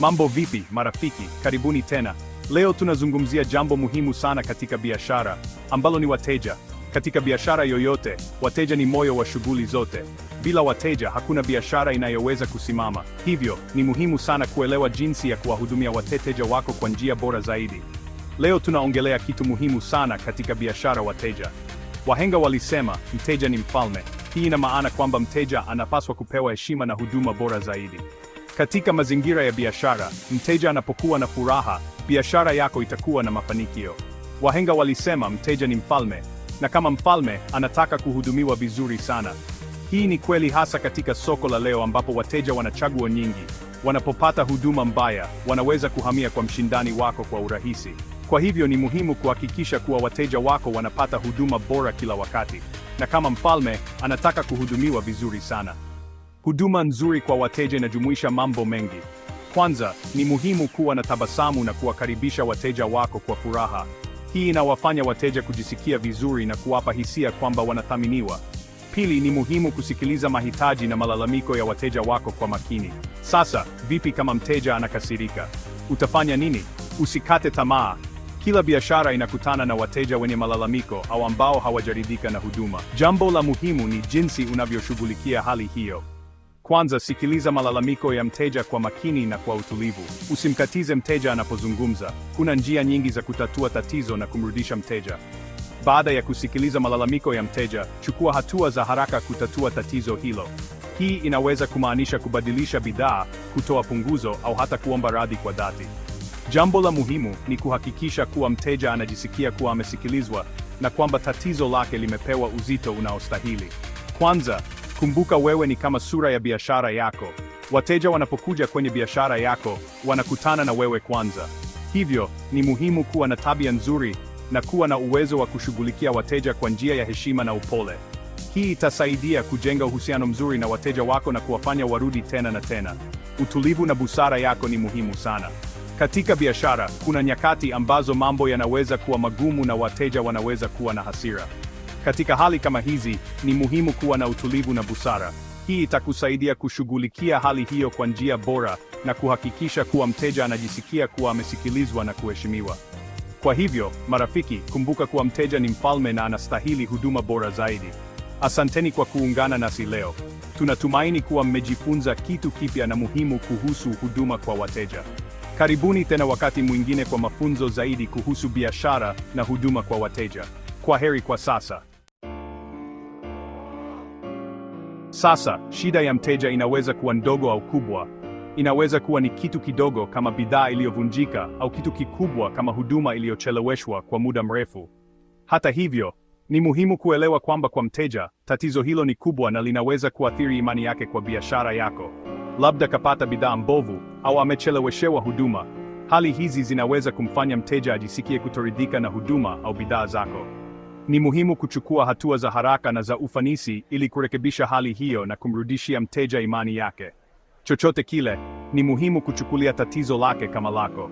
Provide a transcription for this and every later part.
Mambo vipi marafiki, karibuni tena. Leo tunazungumzia jambo muhimu sana katika biashara ambalo ni wateja. Katika biashara yoyote, wateja ni moyo wa shughuli zote. Bila wateja hakuna biashara inayoweza kusimama. Hivyo ni muhimu sana kuelewa jinsi ya kuwahudumia wateja wako kwa njia bora zaidi. Leo tunaongelea kitu muhimu sana katika biashara, wateja. Wahenga walisema mteja ni mfalme. Hii ina maana kwamba mteja anapaswa kupewa heshima na huduma bora zaidi. Katika mazingira ya biashara, mteja anapokuwa na furaha, biashara yako itakuwa na mafanikio. Wahenga walisema mteja ni mfalme, na kama mfalme anataka kuhudumiwa vizuri sana. Hii ni kweli hasa katika soko la leo ambapo wateja wana chaguo nyingi. Wanapopata huduma mbaya, wanaweza kuhamia kwa mshindani wako kwa urahisi. Kwa hivyo ni muhimu kuhakikisha kuwa wateja wako wanapata huduma bora kila wakati. Na kama mfalme anataka kuhudumiwa vizuri sana. Huduma nzuri kwa wateja inajumuisha mambo mengi. Kwanza, ni muhimu kuwa na tabasamu na kuwakaribisha wateja wako kwa furaha. Hii inawafanya wateja kujisikia vizuri na kuwapa hisia kwamba wanathaminiwa. Pili, ni muhimu kusikiliza mahitaji na malalamiko ya wateja wako kwa makini. Sasa, vipi kama mteja anakasirika? Utafanya nini? Usikate tamaa. Kila biashara inakutana na wateja wenye malalamiko au ambao hawajaridhika na huduma. Jambo la muhimu ni jinsi unavyoshughulikia hali hiyo. Kwanza, sikiliza malalamiko ya mteja kwa makini na kwa utulivu. Usimkatize mteja anapozungumza. Kuna njia nyingi za kutatua tatizo na kumrudisha mteja. Baada ya kusikiliza malalamiko ya mteja, chukua hatua za haraka kutatua tatizo hilo. Hii inaweza kumaanisha kubadilisha bidhaa, kutoa punguzo au hata kuomba radhi kwa dhati. Jambo la muhimu ni kuhakikisha kuwa mteja anajisikia kuwa amesikilizwa na kwamba tatizo lake limepewa uzito unaostahili. Kwanza, Kumbuka, wewe ni kama sura ya biashara yako. Wateja wanapokuja kwenye biashara yako, wanakutana na wewe kwanza. Hivyo, ni muhimu kuwa na tabia nzuri na kuwa na uwezo wa kushughulikia wateja kwa njia ya heshima na upole. Hii itasaidia kujenga uhusiano mzuri na wateja wako na kuwafanya warudi tena na tena. Utulivu na busara yako ni muhimu sana. Katika biashara, kuna nyakati ambazo mambo yanaweza kuwa magumu na wateja wanaweza kuwa na hasira. Katika hali kama hizi, ni muhimu kuwa na utulivu na busara. Hii itakusaidia kushughulikia hali hiyo kwa njia bora na kuhakikisha kuwa mteja anajisikia kuwa amesikilizwa na kuheshimiwa. Kwa hivyo, marafiki, kumbuka kuwa mteja ni mfalme na anastahili huduma bora zaidi. Asanteni kwa kuungana nasi leo. Tunatumaini kuwa mmejifunza kitu kipya na muhimu kuhusu huduma kwa wateja. Karibuni tena wakati mwingine kwa mafunzo zaidi kuhusu biashara na huduma kwa wateja. Kwa heri kwa sasa. Sasa, shida ya mteja inaweza kuwa ndogo au kubwa. Inaweza kuwa ni kitu kidogo kama bidhaa iliyovunjika au kitu kikubwa kama huduma iliyocheleweshwa kwa muda mrefu. Hata hivyo, ni muhimu kuelewa kwamba kwa mteja, tatizo hilo ni kubwa na linaweza kuathiri imani yake kwa biashara yako. Labda kapata bidhaa mbovu au amecheleweshewa huduma. Hali hizi zinaweza kumfanya mteja ajisikie kutoridhika na huduma au bidhaa zako. Ni muhimu kuchukua hatua za haraka na za ufanisi ili kurekebisha hali hiyo na kumrudishia mteja imani yake. Chochote kile, ni muhimu kuchukulia tatizo lake kama lako.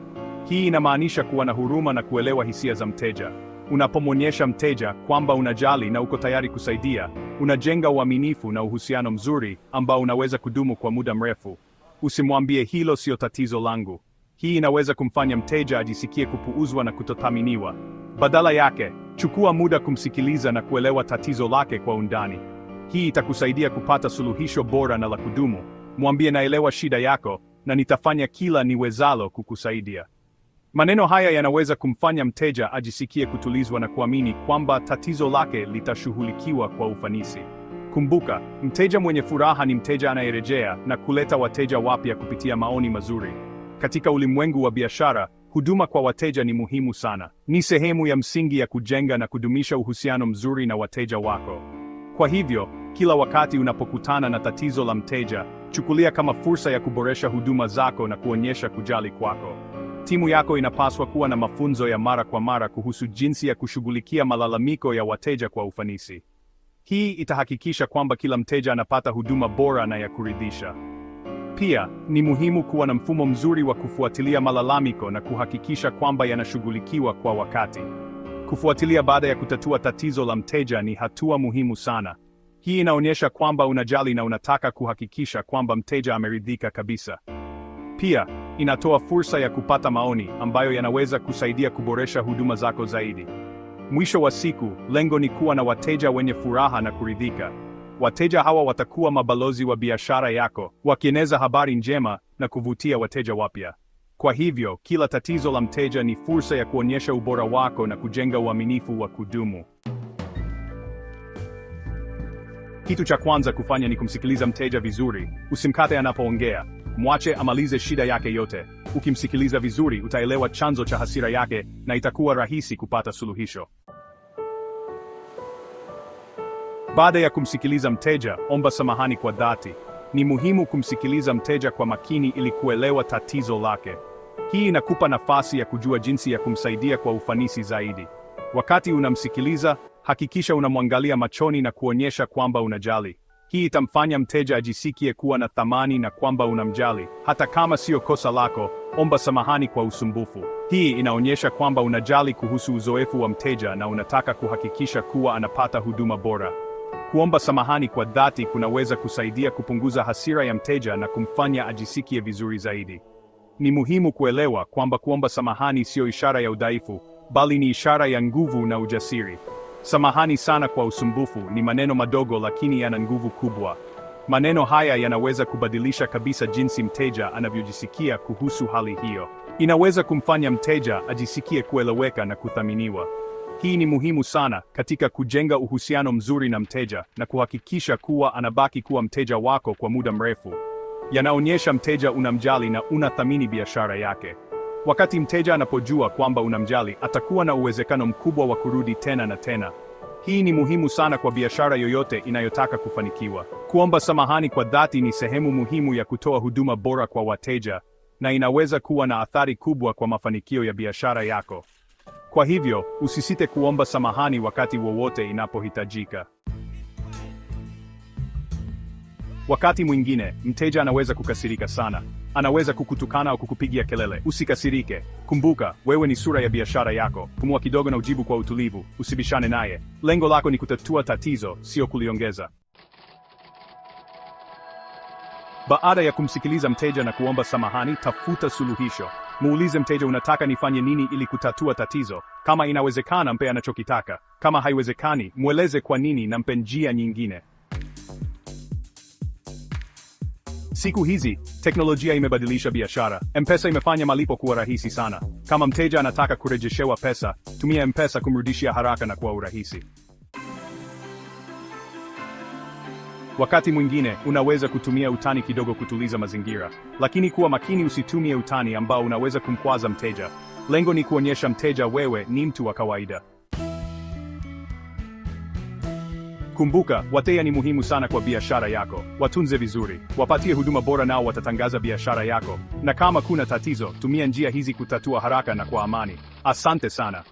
Hii inamaanisha kuwa na huruma na kuelewa hisia za mteja. Unapomwonyesha mteja kwamba unajali na uko tayari kusaidia, unajenga uaminifu na uhusiano mzuri ambao unaweza kudumu kwa muda mrefu. Usimwambie hilo sio tatizo langu. Hii inaweza kumfanya mteja ajisikie kupuuzwa na kutothaminiwa. Badala yake, Chukua muda kumsikiliza na kuelewa tatizo lake kwa undani. Hii itakusaidia kupata suluhisho bora na la kudumu. Mwambie, naelewa shida yako na nitafanya kila niwezalo kukusaidia. Maneno haya yanaweza kumfanya mteja ajisikie kutulizwa na kuamini kwamba tatizo lake litashughulikiwa kwa ufanisi. Kumbuka, mteja mwenye furaha ni mteja anayerejea na kuleta wateja wapya kupitia maoni mazuri. Katika ulimwengu wa biashara, Huduma kwa wateja ni muhimu sana. Ni sehemu ya msingi ya kujenga na kudumisha uhusiano mzuri na wateja wako. Kwa hivyo, kila wakati unapokutana na tatizo la mteja, chukulia kama fursa ya kuboresha huduma zako na kuonyesha kujali kwako. Timu yako inapaswa kuwa na mafunzo ya mara kwa mara kuhusu jinsi ya kushughulikia malalamiko ya wateja kwa ufanisi. Hii itahakikisha kwamba kila mteja anapata huduma bora na ya kuridhisha. Pia, ni muhimu kuwa na mfumo mzuri wa kufuatilia malalamiko na kuhakikisha kwamba yanashughulikiwa kwa wakati. Kufuatilia baada ya kutatua tatizo la mteja ni hatua muhimu sana. Hii inaonyesha kwamba unajali na unataka kuhakikisha kwamba mteja ameridhika kabisa. Pia, inatoa fursa ya kupata maoni ambayo yanaweza kusaidia kuboresha huduma zako zaidi. Mwisho wa siku, lengo ni kuwa na wateja wenye furaha na kuridhika. Wateja hawa watakuwa mabalozi wa biashara yako, wakieneza habari njema na kuvutia wateja wapya. Kwa hivyo, kila tatizo la mteja ni fursa ya kuonyesha ubora wako na kujenga uaminifu wa kudumu. Kitu cha kwanza kufanya ni kumsikiliza mteja vizuri. Usimkate anapoongea, mwache amalize shida yake yote. Ukimsikiliza vizuri, utaelewa chanzo cha hasira yake na itakuwa rahisi kupata suluhisho. Baada ya kumsikiliza mteja, omba samahani kwa dhati. Ni muhimu kumsikiliza mteja kwa makini ili kuelewa tatizo lake. Hii inakupa nafasi ya kujua jinsi ya kumsaidia kwa ufanisi zaidi. Wakati unamsikiliza, hakikisha unamwangalia machoni na kuonyesha kwamba unajali. Hii itamfanya mteja ajisikie kuwa na thamani na kwamba unamjali. Hata kama sio kosa lako, omba samahani kwa usumbufu. Hii inaonyesha kwamba unajali kuhusu uzoefu wa mteja na unataka kuhakikisha kuwa anapata huduma bora. Kuomba samahani kwa dhati kunaweza kusaidia kupunguza hasira ya mteja na kumfanya ajisikie vizuri zaidi. Ni muhimu kuelewa kwamba kuomba samahani siyo ishara ya udhaifu, bali ni ishara ya nguvu na ujasiri. Samahani sana kwa usumbufu ni maneno madogo lakini yana nguvu kubwa. Maneno haya yanaweza kubadilisha kabisa jinsi mteja anavyojisikia kuhusu hali hiyo. Inaweza kumfanya mteja ajisikie kueleweka na kuthaminiwa. Hii ni muhimu sana katika kujenga uhusiano mzuri na mteja na kuhakikisha kuwa anabaki kuwa mteja wako kwa muda mrefu. Yanaonyesha mteja unamjali na unathamini biashara yake. Wakati mteja anapojua kwamba unamjali, atakuwa na uwezekano mkubwa wa kurudi tena na tena. Hii ni muhimu sana kwa biashara yoyote inayotaka kufanikiwa. Kuomba samahani kwa dhati ni sehemu muhimu ya kutoa huduma bora kwa wateja na inaweza kuwa na athari kubwa kwa mafanikio ya biashara yako. Kwa hivyo, usisite kuomba samahani wakati wowote inapohitajika. Wakati mwingine, mteja anaweza kukasirika sana. Anaweza kukutukana au kukupigia kelele. Usikasirike. Kumbuka, wewe ni sura ya biashara yako. Pumua kidogo na ujibu kwa utulivu, usibishane naye. Lengo lako ni kutatua tatizo, sio kuliongeza. Baada ya kumsikiliza mteja na kuomba samahani, tafuta suluhisho. Muulize mteja unataka nifanye nini ili kutatua tatizo. Kama inawezekana, mpe anachokitaka. Kama haiwezekani, mweleze kwa nini na mpe njia nyingine. Siku hizi teknolojia imebadilisha biashara. M-Pesa imefanya malipo kuwa rahisi sana. Kama mteja anataka kurejeshewa pesa, tumia M-Pesa kumrudishia haraka na kwa urahisi. Wakati mwingine unaweza kutumia utani kidogo kutuliza mazingira, lakini kuwa makini, usitumie utani ambao unaweza kumkwaza mteja. Lengo ni kuonyesha mteja wewe ni mtu wa kawaida. Kumbuka, wateja ni muhimu sana kwa biashara yako. Watunze vizuri, wapatie huduma bora, nao watatangaza biashara yako. Na kama kuna tatizo, tumia njia hizi kutatua haraka na kwa amani. Asante sana.